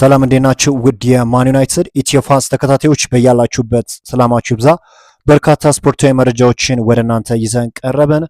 ሰላም እንዴናችሁ? ውድ የማን ዩናይትድ ኢትዮ ፋንስ ተከታታዮች በያላችሁበት ሰላማችሁ ይብዛ። በርካታ ስፖርታዊ መረጃዎችን ወደ እናንተ ይዘን ቀረበን።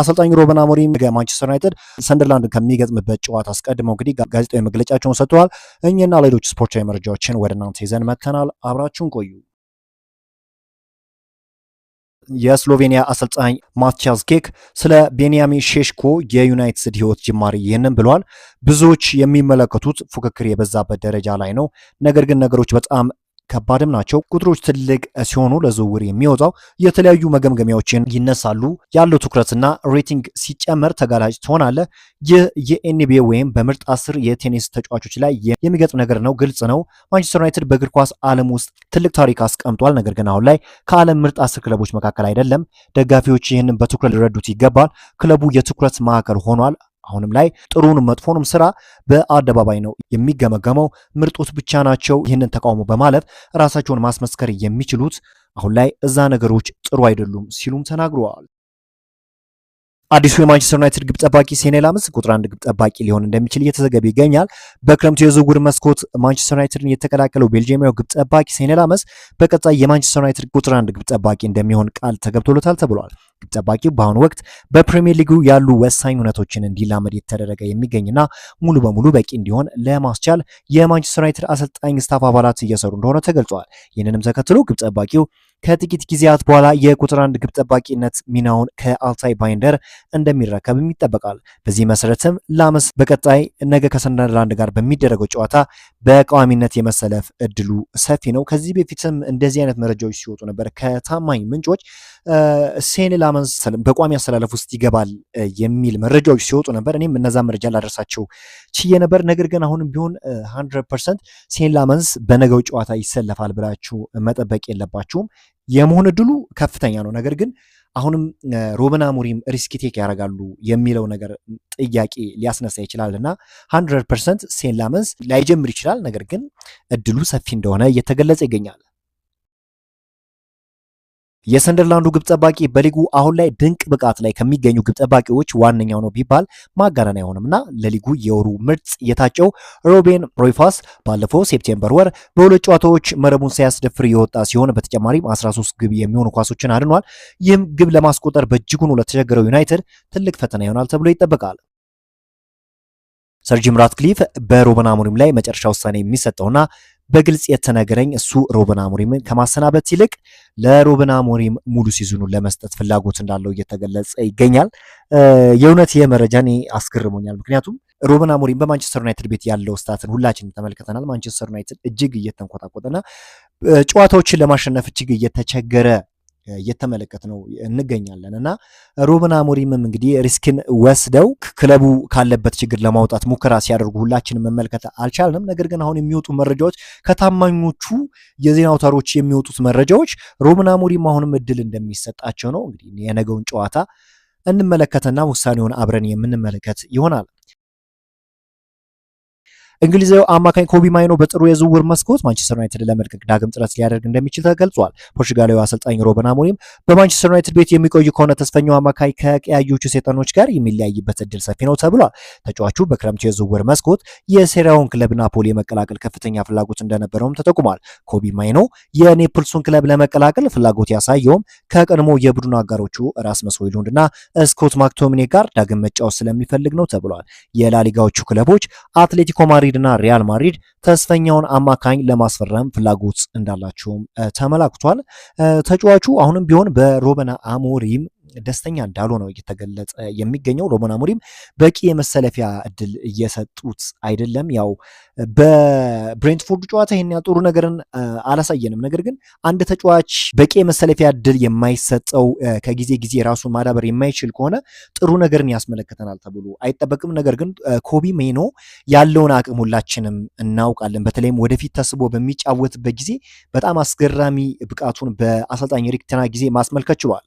አሰልጣኝ ሮበን አሞሪም ማንቸስተር ዩናይትድ ሰንደርላንድ ከሚገጥምበት ጨዋታ አስቀድመው እንግዲህ ጋዜጣዊ መግለጫቸውን ሰጥተዋል። እኚህና ሌሎች ስፖርታዊ መረጃዎችን ወደ እናንተ ይዘን መጥተናል። አብራችሁን ቆዩ። የስሎቬኒያ አሰልጣኝ ማትቻዝ ኬክ ስለ ቤንያሚን ሼሽኮ የዩናይትድ ህይወት ጅማሬ ይህንን ብሏል። ብዙዎች የሚመለከቱት ፉክክር የበዛበት ደረጃ ላይ ነው፣ ነገር ግን ነገሮች በጣም ከባድም ናቸው። ቁጥሮች ትልቅ ሲሆኑ ለዝውውር የሚወጣው የተለያዩ መገምገሚያዎችን ይነሳሉ። ያለው ትኩረትና ሬቲንግ ሲጨመር ተጋላጭ ትሆናለ። ይህ የኤንቢኤ ወይም በምርጥ አስር የቴኒስ ተጫዋቾች ላይ የሚገጥም ነገር ነው። ግልጽ ነው። ማንቸስተር ዩናይትድ በእግር ኳስ ዓለም ውስጥ ትልቅ ታሪክ አስቀምጧል። ነገር ግን አሁን ላይ ከዓለም ምርጥ አስር ክለቦች መካከል አይደለም። ደጋፊዎች ይህንን በትኩረት ሊረዱት ይገባል። ክለቡ የትኩረት ማዕከል ሆኗል። አሁንም ላይ ጥሩን መጥፎንም ስራ በአደባባይ ነው የሚገመገመው። ምርጦች ብቻ ናቸው ይህንን ተቃውሞ በማለፍ ራሳቸውን ማስመስከር የሚችሉት። አሁን ላይ እዛ ነገሮች ጥሩ አይደሉም ሲሉም ተናግረዋል። አዲሱ የማንቸስተር ዩናይትድ ግብ ጠባቂ ሴኔ ላምስ ቁጥር አንድ ግብ ጠባቂ ሊሆን እንደሚችል እየተዘገበ ይገኛል። በክረምቱ የዝውውር መስኮት ማንቸስተር ዩናይትድን የተቀላቀለው ቤልጂየማዊ ግብ ጠባቂ ሴኔ ላምስ በቀጣይ የማንቸስተር ዩናይትድ ቁጥር አንድ ግብ ጠባቂ እንደሚሆን ቃል ተገብቶለታል ተብሏል። ግብ ጠባቂው በአሁኑ ወቅት በፕሪሚየር ሊጉ ያሉ ወሳኝ እውነቶችን እንዲላመድ የተደረገ የሚገኝና ሙሉ በሙሉ በቂ እንዲሆን ለማስቻል የማንቸስተር ዩናይትድ አሰልጣኝ ስታፍ አባላት እየሰሩ እንደሆነ ተገልጿል። ይህንንም ተከትሎ ግብ ጠባቂው ከጥቂት ጊዜያት በኋላ የቁጥር አንድ ግብ ጠባቂነት ሚናውን ከአልታይ ባይንደር እንደሚረከብም ይጠበቃል። በዚህ መሰረትም ላመስ በቀጣይ ነገ ከሰንደርላንድ ጋር በሚደረገው ጨዋታ በቋሚነት የመሰለፍ እድሉ ሰፊ ነው። ከዚህ በፊትም እንደዚህ አይነት መረጃዎች ሲወጡ ነበር ከታማኝ ምንጮች ሴን ላመንስ በቋሚ አሰላለፍ ውስጥ ይገባል የሚል መረጃዎች ሲወጡ ነበር። እኔም እነዛ መረጃ ላደርሳቸው ችዬ ነበር። ነገር ግን አሁንም ቢሆን 100 ፐርሰንት ሴኔ ላመንስ በነገው ጨዋታ ይሰለፋል ብላችሁ መጠበቅ የለባችሁም። የመሆን እድሉ ከፍተኛ ነው። ነገር ግን አሁንም ሩበን አሞሪም ሪስክ ቴክ ያደርጋሉ የሚለው ነገር ጥያቄ ሊያስነሳ ይችላል እና ሀንድረድ ፐርሰንት ሴን ላመንስ ላይጀምር ይችላል። ነገር ግን እድሉ ሰፊ እንደሆነ እየተገለጸ ይገኛል። የሰንደርላንዱ ግብ ጠባቂ በሊጉ አሁን ላይ ድንቅ ብቃት ላይ ከሚገኙ ግብ ጠባቂዎች ዋነኛው ነው ቢባል ማጋነን አይሆንም እና ለሊጉ የወሩ ምርጥ የታጨው ሮቤን ሮይፋስ ባለፈው ሴፕቴምበር ወር በሁለት ጨዋታዎች መረቡን ሳያስደፍር የወጣ ሲሆን በተጨማሪም 13 ግብ የሚሆኑ ኳሶችን አድኗል። ይህም ግብ ለማስቆጠር በእጅጉኑ ለተቸገረው ዩናይትድ ትልቅ ፈተና ይሆናል ተብሎ ይጠበቃል። ሰር ጂም ራትክሊፍ በሩበን አሞሪም ላይ መጨረሻ ውሳኔ የሚሰጠውና በግልጽ የተነገረኝ እሱ ሮብን አሞሪምን ከማሰናበት ይልቅ ለሮብን አሞሪም ሙሉ ሲዝኑን ለመስጠት ፍላጎት እንዳለው እየተገለጸ ይገኛል። የእውነት ይህ መረጃ እኔ አስገርሞኛል። ምክንያቱም ሮብን አሞሪም በማንቸስተር ዩናይትድ ቤት ያለው ስታትን ሁላችን ተመልክተናል። ማንቸስተር ዩናይትድ እጅግ እየተንቆጣቆጠና ጨዋታዎችን ለማሸነፍ እጅግ እየተቸገረ እየተመለከት ነው እንገኛለን እና ሩበን አሞሪምም እንግዲህ ሪስክን ወስደው ክለቡ ካለበት ችግር ለማውጣት ሙከራ ሲያደርጉ ሁላችን መመልከት አልቻልንም። ነገር ግን አሁን የሚወጡ መረጃዎች ከታማኞቹ የዜና አውታሮች የሚወጡት መረጃዎች ሩበን አሞሪም አሁንም እድል እንደሚሰጣቸው ነው። እንግዲህ የነገውን ጨዋታ እንመለከትና ውሳኔውን አብረን የምንመለከት ይሆናል። እንግሊዛዊ አማካኝ ኮቢ ማይኖ በጥሩ የዝውውር መስኮት ማንቸስተር ዩናይትድ ለመልቀቅ ዳግም ጥረት ሊያደርግ እንደሚችል ተገልጿል። ፖርቹጋላዊ አሰልጣኝ ሮበን አሞሪም በማንቸስተር ዩናይትድ ቤት የሚቆይ ከሆነ ተስፈኛው አማካኝ ከቀያዮቹ ሰይጣኖች ጋር የሚለያይበት እድል ሰፊ ነው ተብሏል። ተጫዋቹ በክረምቱ የዝውውር መስኮት የሴሪያውን ክለብ ናፖሊ የመቀላቀል ከፍተኛ ፍላጎት እንደነበረውም ተጠቁሟል። ኮቢ ማይኖ የኔፕልሱን ክለብ ለመቀላቀል ፍላጎት ያሳየውም ከቀድሞ የቡድኑ አጋሮቹ ራስመስ ሆይሉንድና ስኮት ማክቶሚኔ ጋር ዳግም መጫወት ስለሚፈልግ ነው ተብሏል። የላሊጋዎቹ ክለቦች አትሌቲኮ ማድሪድ ማድሪድና ሪያል ማድሪድ ተስፈኛውን አማካኝ ለማስፈረም ፍላጎት እንዳላቸውም ተመላክቷል። ተጫዋቹ አሁንም ቢሆን በሮበና አሞሪም ደስተኛ ነው እየተገለጸ የሚገኘው ሮበን አሞሪም በቂ የመሰለፊያ እድል እየሰጡት አይደለም። ያው በብሬንትፎርድ ጨዋታ ይህን ጥሩ ነገርን አላሳየንም። ነገር ግን አንድ ተጫዋች በቂ የመሰለፊያ እድል የማይሰጠው ከጊዜ ጊዜ ራሱን ማዳበር የማይችል ከሆነ ጥሩ ነገርን ያስመለክተናል ተብሎ አይጠበቅም። ነገር ግን ኮቢ ሜኖ ያለውን አቅም ሁላችንም እናውቃለን። በተለይም ወደፊት ተስቦ በሚጫወትበት ጊዜ በጣም አስገራሚ ብቃቱን በአሰልጣኝ ሪክተና ጊዜ ማስመልከት ችሏል።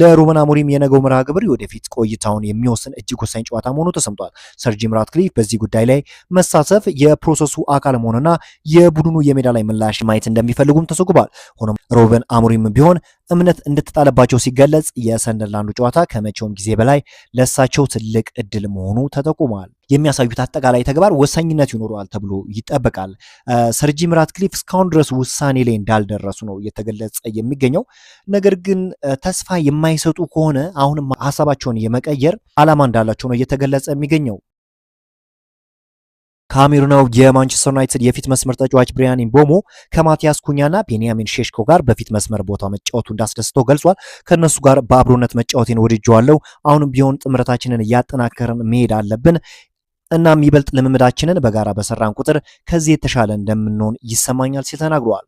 ለሩበን አሞሪም የነገው መርሃ ግብር ወደፊት ቆይታውን የሚወስን እጅግ ወሳኝ ጨዋታ መሆኑ ተሰምቷል። ሰር ጂም ራትክሊፍ በዚህ ጉዳይ ላይ መሳተፍ የፕሮሰሱ አካል መሆኑና የቡድኑ የሜዳ ላይ ምላሽ ማየት እንደሚፈልጉም ተሰግቧል። ሆኖም ሩበን አሞሪም ቢሆን እምነት እንድትጣለባቸው ሲገለጽ የሰንደርላንዱ ጨዋታ ከመቼውም ጊዜ በላይ ለእሳቸው ትልቅ እድል መሆኑ ተጠቁሟል። የሚያሳዩት አጠቃላይ ተግባር ወሳኝነት ይኖረዋል ተብሎ ይጠበቃል። ሰር ጂም ራትክሊፍ እስካሁን ድረስ ውሳኔ ላይ እንዳልደረሱ ነው እየተገለጸ የሚገኘው። ነገር ግን ተስፋ የማይሰጡ ከሆነ አሁንም ሀሳባቸውን የመቀየር አላማ እንዳላቸው ነው እየተገለጸ የሚገኘው። ካሜሩናው የማንቸስተር ዩናይትድ የፊት መስመር ተጫዋች ብሪያን ኢምቦሞ ከማቲያስ ኩኛና ቤንያሚን ሼሽኮ ጋር በፊት መስመር ቦታ መጫወቱ እንዳስደስተው ገልጿል። ከእነሱ ጋር በአብሮነት መጫወቴን ወድጀዋለሁ። አሁንም ቢሆን ጥምረታችንን እያጠናከርን መሄድ አለብን። እናም ይበልጥ ልምምዳችንን በጋራ በሰራን ቁጥር ከዚህ የተሻለ እንደምንሆን ይሰማኛል ሲል ተናግረዋል።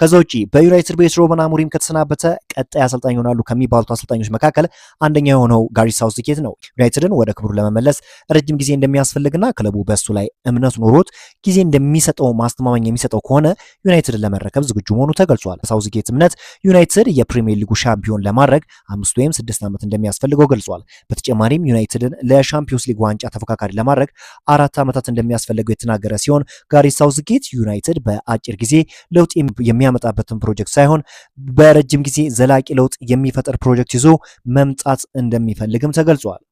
ከዛ ውጪ በዩናይትድ ቤት ሮበን አሙሪም ከተሰናበተ ቀጣይ አሰልጣኝ ይሆናሉ ከሚባሉት አሰልጣኞች መካከል አንደኛ የሆነው ጋሪ ሳውዝጌት ነው። ዩናይትድን ወደ ክብሩ ለመመለስ ረጅም ጊዜ እንደሚያስፈልግና ክለቡ በእሱ ላይ እምነት ኖሮት ጊዜ እንደሚሰጠው ማስተማመኝ የሚሰጠው ከሆነ ዩናይትድን ለመረከብ ዝግጁ መሆኑ ተገልጿል። ሳውዝጌት እምነት ዩናይትድ የፕሪሚየር ሊጉ ሻምፒዮን ለማድረግ አምስት ወይም ስድስት ዓመት እንደሚያስፈልገው ገልጿል። በተጨማሪም ዩናይትድን ለሻምፒዮንስ ሊግ ዋንጫ ተፎካካሪ ለማድረግ አራት ዓመታት እንደሚያስፈልገው የተናገረ ሲሆን ጋሪ ሳውዝጌት ዩናይትድ በአጭር ጊዜ ለውጥ የሚያመጣበትን ፕሮጀክት ሳይሆን በረጅም ጊዜ ዘላቂ ለውጥ የሚፈጥር ፕሮጀክት ይዞ መምጣት እንደሚፈልግም ተገልጿል።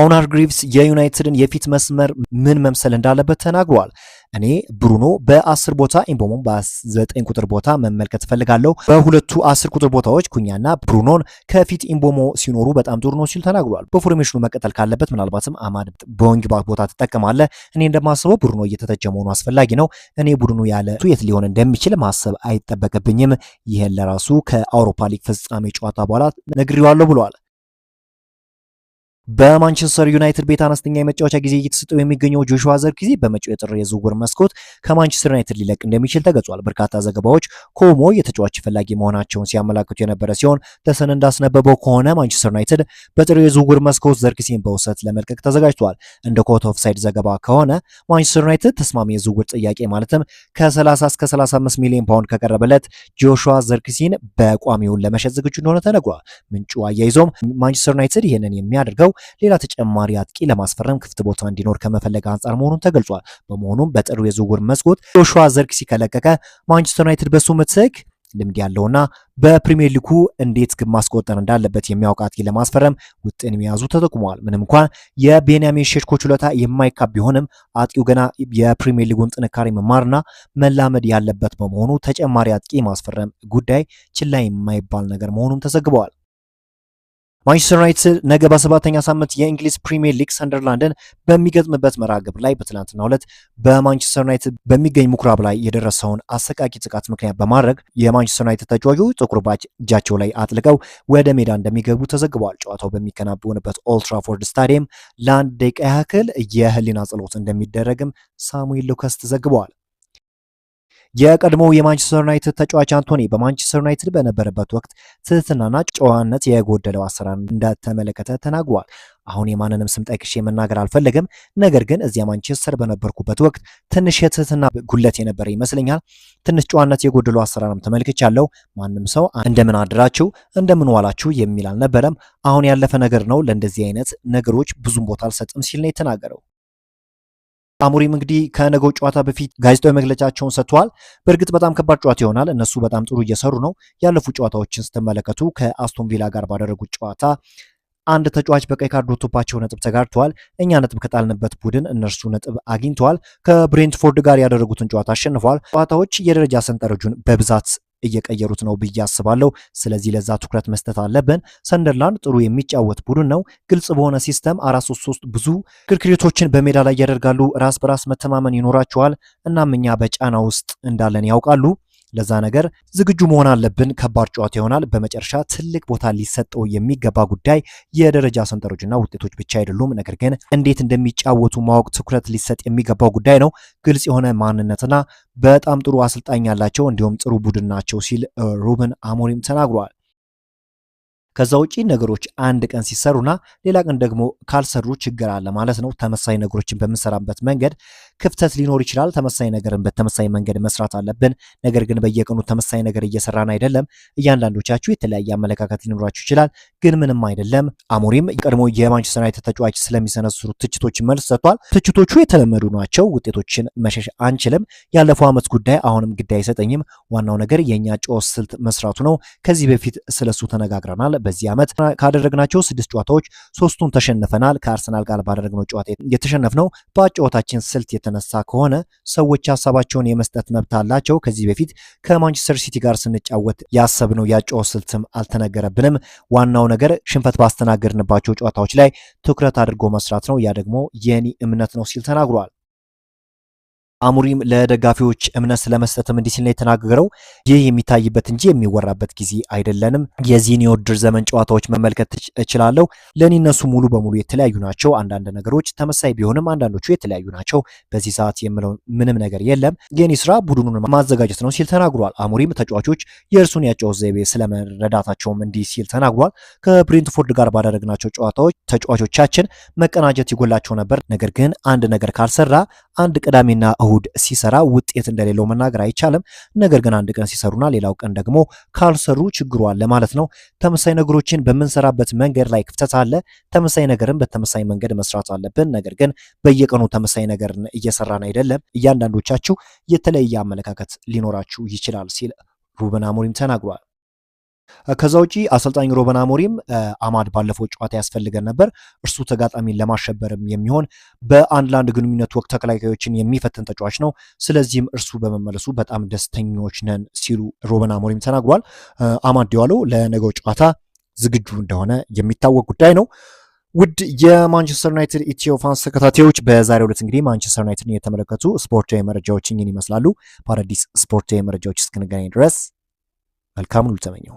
ኦናር ግሪቭስ የዩናይትድን የፊት መስመር ምን መምሰል እንዳለበት ተናግሯል። እኔ ብሩኖ በአስር ቦታ ኢምቦሞ በዘጠኝ ቁጥር ቦታ መመልከት እፈልጋለሁ። በሁለቱ 10 ቁጥር ቦታዎች ኩኛና ብሩኖን ከፊት ኢምቦሞ ሲኖሩ በጣም ጥሩ ነው ሲል ተናግሯል። በፎርሜሽኑ መቀጠል ካለበት ምናልባትም አማድ በወንግ ባክ ቦታ ትጠቀማለ። እኔ እንደማስበው ብሩኖ እየተተቸ መሆኑ አስፈላጊ ነው። እኔ ቡድኑ ያለ የት ሊሆን እንደሚችል ማሰብ አይጠበቅብኝም። ይህን ለራሱ ከአውሮፓ ሊግ ፍጻሜ ጨዋታ በኋላ ነግሬዋለሁ ብለዋል። በማንቸስተር ዩናይትድ ቤት አነስተኛ የመጫወቻ ጊዜ እየተሰጠው የሚገኘው ጆሹዋ ዘርክዜ በመጪው የጥር የዝውውር መስኮት ከማንቸስተር ዩናይትድ ሊለቅ እንደሚችል ተገልጿል። በርካታ ዘገባዎች ኮሞ የተጫዋች ፈላጊ መሆናቸውን ሲያመላክቱ የነበረ ሲሆን ተሰን እንዳስነበበው ከሆነ ማንቸስተር ዩናይትድ በጥር የዝውውር መስኮት ዘርክዜን በውሰት ለመልቀቅ ተዘጋጅቷል። እንደ ኮት ኦፍሳይድ ዘገባ ከሆነ ማንቸስተር ዩናይትድ ተስማሚ የዝውውር ጥያቄ ማለትም ከ30 እስከ 35 ሚሊዮን ፓውንድ ከቀረበለት ጆሹዋ ዘርክዜን በቋሚውን ለመሸጥ ዝግጁ እንደሆነ ተነግሯል። ምንጩ አያይዞም ማንቸስተር ዩናይትድ ይህንን የሚያደርገው ሌላ ተጨማሪ አጥቂ ለማስፈረም ክፍት ቦታ እንዲኖር ከመፈለግ አንጻር መሆኑን ተገልጿል። በመሆኑም በጥሩ የዝውውር መስኮት ጆሹዋ ዘርግ ሲከለቀቀ ማንቸስተር ዩናይትድ በሱ ምትክ ልምድ ያለውና በፕሪሚየር ሊጉ እንዴት ግብ ማስቆጠር እንዳለበት የሚያውቅ አጥቂ ለማስፈረም ውጥን የያዙ ተጠቁመዋል። ምንም እንኳን የቤንያሚን ሼሽኮ ችሎታ የማይካብ ቢሆንም አጥቂው ገና የፕሪሚየር ሊጉን ጥንካሬ መማርና መላመድ ያለበት በመሆኑ ተጨማሪ አጥቂ ማስፈረም ጉዳይ ችላ የማይባል ነገር መሆኑም ተዘግበዋል። ማንቸስተር ዩናይትድ ነገ በሰባተኛ ሳምንት የእንግሊዝ ፕሪሚየር ሊግ ሰንደርላንድን በሚገጥምበት መርሃ ግብር ላይ በትናንትናው ዕለት በማንቸስተር ዩናይትድ በሚገኝ ምኩራብ ላይ የደረሰውን አሰቃቂ ጥቃት ምክንያት በማድረግ የማንቸስተር ዩናይትድ ተጫዋቾች ጥቁር እጃቸው ላይ አጥልቀው ወደ ሜዳ እንደሚገቡ ተዘግቧል። ጨዋታው በሚከናወንበት ኦልትራፎርድ ስታዲየም ለአንድ ደቂቃ ያክል የህሊና ጸሎት እንደሚደረግም ሳሙኤል ሉከስ ተዘግበዋል። የቀድሞው የማንቸስተር ዩናይትድ ተጫዋች አንቶኒ በማንቸስተር ዩናይትድ በነበረበት ወቅት ትህትናና ጨዋነት የጎደለው አሰራር እንደተመለከተ ተናግሯል። አሁን የማንንም ስም ጠቅሼ መናገር አልፈለገም። ነገር ግን እዚያ ማንቸስተር በነበርኩበት ወቅት ትንሽ የትህትና ጉለት የነበረ ይመስለኛል። ትንሽ ጨዋነት የጎደለው አሰራርም ተመልክቻለሁ። ማንም ሰው እንደምን አድራችሁ እንደምን ዋላችሁ የሚል አልነበረም። አሁን ያለፈ ነገር ነው። ለእንደዚህ አይነት ነገሮች ብዙም ቦታ አልሰጥም ሲል ነው የተናገረው። አሞሪም እንግዲህ ከነገው ጨዋታ በፊት ጋዜጣዊ መግለጫቸውን ሰጥተዋል። በእርግጥ በጣም ከባድ ጨዋታ ይሆናል። እነሱ በጣም ጥሩ እየሰሩ ነው። ያለፉ ጨዋታዎችን ስትመለከቱ ከአስቶን ቪላ ጋር ባደረጉት ጨዋታ አንድ ተጫዋች በቀይ ካርድ ወጥቶባቸው ነጥብ ተጋርተዋል። እኛ ነጥብ ከጣልንበት ቡድን እነርሱ ነጥብ አግኝተዋል። ከብሬንትፎርድ ጋር ያደረጉትን ጨዋታ አሸንፈዋል። ጨዋታዎች የደረጃ ሰንጠረጁን በብዛት እየቀየሩት ነው ብዬ አስባለሁ። ስለዚህ ለዛ ትኩረት መስጠት አለብን። ሰንደርላንድ ጥሩ የሚጫወት ቡድን ነው። ግልጽ በሆነ ሲስተም አራት ሶስት ሶስት ብዙ ክርክሪቶችን በሜዳ ላይ ያደርጋሉ። ራስ በራስ መተማመን ይኖራቸዋል። እናም እኛ በጫና ውስጥ እንዳለን ያውቃሉ። ለዛ ነገር ዝግጁ መሆን አለብን። ከባድ ጨዋታ ይሆናል። በመጨረሻ ትልቅ ቦታ ሊሰጠው የሚገባ ጉዳይ የደረጃ ሰንጠረዥና ውጤቶች ብቻ አይደሉም፣ ነገር ግን እንዴት እንደሚጫወቱ ማወቅ ትኩረት ሊሰጥ የሚገባው ጉዳይ ነው። ግልጽ የሆነ ማንነትና በጣም ጥሩ አሰልጣኝ ያላቸው እንዲሁም ጥሩ ቡድን ናቸው ሲል ሩብን አሞሪም ተናግሯል። ከዛ ውጪ ነገሮች አንድ ቀን ሲሰሩና ሌላ ቀን ደግሞ ካልሰሩ ችግር አለ ማለት ነው። ተመሳሳይ ነገሮችን በምንሰራበት መንገድ ክፍተት ሊኖር ይችላል። ተመሳሳይ ነገርን በተመሳሳይ መንገድ መስራት አለብን። ነገር ግን በየቀኑ ተመሳሳይ ነገር እየሰራን አይደለም። እያንዳንዶቻችሁ የተለያየ አመለካከት ሊኖራችሁ ይችላል። ግን ምንም አይደለም። አሞሪም ቀድሞ የማንቸስተር ዩናይትድ ተጫዋች ስለሚሰነስሩ ትችቶች መልስ ሰጥቷል። ትችቶቹ የተለመዱ ናቸው። ውጤቶችን መሸሽ አንችልም። ያለፈው ዓመት ጉዳይ አሁንም ግድ አይሰጠኝም። ዋናው ነገር የእኛ ጨዋታ ስልት መስራቱ ነው። ከዚህ በፊት ስለሱ ተነጋግረናል። በዚህ ዓመት ካደረግናቸው ስድስት ጨዋታዎች ሶስቱን ተሸንፈናል። ከአርሰናል ጋር ባደረግነው ጨዋታ የተሸነፍነው በጨዋታችን ስልት የተነሳ ከሆነ ሰዎች ሀሳባቸውን የመስጠት መብት አላቸው። ከዚህ በፊት ከማንቸስተር ሲቲ ጋር ስንጫወት ያሰብነው ያጨዋወት ስልትም አልተነገረብንም። ዋናው ነገር ሽንፈት ባስተናገድንባቸው ጨዋታዎች ላይ ትኩረት አድርጎ መስራት ነው። ያ ደግሞ የኔ እምነት ነው ሲል ተናግሯል። አሙሪም ለደጋፊዎች እምነት ስለመስጠትም እንዲህ ሲል ነው የተናገረው። ይህ የሚታይበት እንጂ የሚወራበት ጊዜ አይደለንም። የዚህን የውድድር ዘመን ጨዋታዎች መመልከት እችላለሁ። ለእኔ እነሱ ሙሉ በሙሉ የተለያዩ ናቸው። አንዳንድ ነገሮች ተመሳይ ቢሆንም አንዳንዶቹ የተለያዩ ናቸው። በዚህ ሰዓት የምለው ምንም ነገር የለም። የኔ ስራ ቡድኑን ማዘጋጀት ነው ሲል ተናግሯል። አሙሪም ተጫዋቾች የእርሱን ያጫወት ዘይቤ ስለመረዳታቸውም እንዲህ ሲል ተናግሯል። ከብሬንትፎርድ ጋር ባደረግናቸው ጨዋታዎች ተጫዋቾቻችን መቀናጀት ይጎላቸው ነበር። ነገር ግን አንድ ነገር ካልሰራ አንድ ቅዳሜና እሁድ ሲሰራ ውጤት እንደሌለው መናገር አይቻልም። ነገር ግን አንድ ቀን ሲሰሩና ሌላው ቀን ደግሞ ካልሰሩ ችግሩ አለ ማለት ነው። ተመሳሳይ ነገሮችን በምንሰራበት መንገድ ላይ ክፍተት አለ። ተመሳሳይ ነገርን በተመሳሳይ መንገድ መስራት አለብን። ነገር ግን በየቀኑ ተመሳሳይ ነገርን እየሰራን አይደለም። እያንዳንዶቻችሁ የተለየ አመለካከት ሊኖራችሁ ይችላል ሲል ሩበን አሞሪም ተናግሯል። ከዛ ውጪ አሰልጣኝ ሮበን አሞሪም አማድ ባለፈው ጨዋታ ያስፈልገን ነበር፣ እርሱ ተጋጣሚን ለማሸበርም የሚሆን በአንድ ለአንድ ግንኙነት ወቅት ተከላካዮችን የሚፈትን ተጫዋች ነው፣ ስለዚህም እርሱ በመመለሱ በጣም ደስተኞች ነን ሲሉ ሮበን አሞሪም ተናግሯል። አማድ ዲዋሎ ለነገው ጨዋታ ዝግጁ እንደሆነ የሚታወቅ ጉዳይ ነው። ውድ የማንቸስተር ዩናይትድ ኢትዮ ፋንስ ተከታታዮች በዛሬው ዕለት እንግዲህ ማንቸስተር ዩናይትድን የተመለከቱ ስፖርታዊ መረጃዎች ይህን ይመስላሉ። ፓራዲስ ስፖርታዊ መረጃዎች እስክንገናኝ ድረስ መልካም ሁሉ ተመኘው።